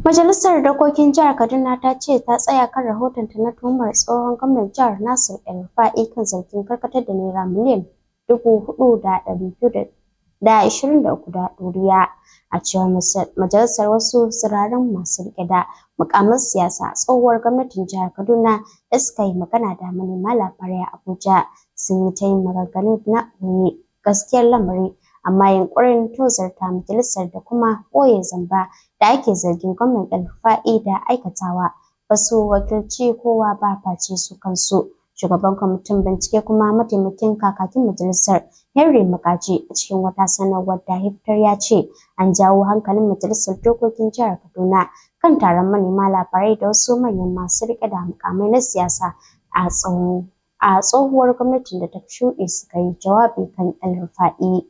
Majalisar Dokokin Jihar Kaduna ta ce ta tsaya kan rahotonta na tuhumar tsohon gwamnan jihar Nasir El-Rufa'i kan zargin karkatar da naira miliyan dubu da biyu da a cewar majalisar wasu tsirarin masu riƙe da mukamin siyasa tsohuwar gwamnatin jihar Kaduna da suka yi magana da manema labarai a Abuja sun yi ta yin maganganu na gaskiyar lamarin. amma yunƙurin tozarta majalisar da kuma ɓoye zamba da ake zargin gwamnan alfa'i da aikatawa ba su wakilci kowa ba face su kansu. Shugaban kwamitin bincike kuma mataimakin kakakin majalisar Henry Makaji a cikin wata sanarwar da hiftar ya ce an jawo hankalin majalisar dokokin jihar Kaduna kan taron manema labarai da wasu manyan masu riƙe da mukamai na siyasa a tsohuwar gwamnatin da ta shuɗe suka yi jawabi kan alfa'i.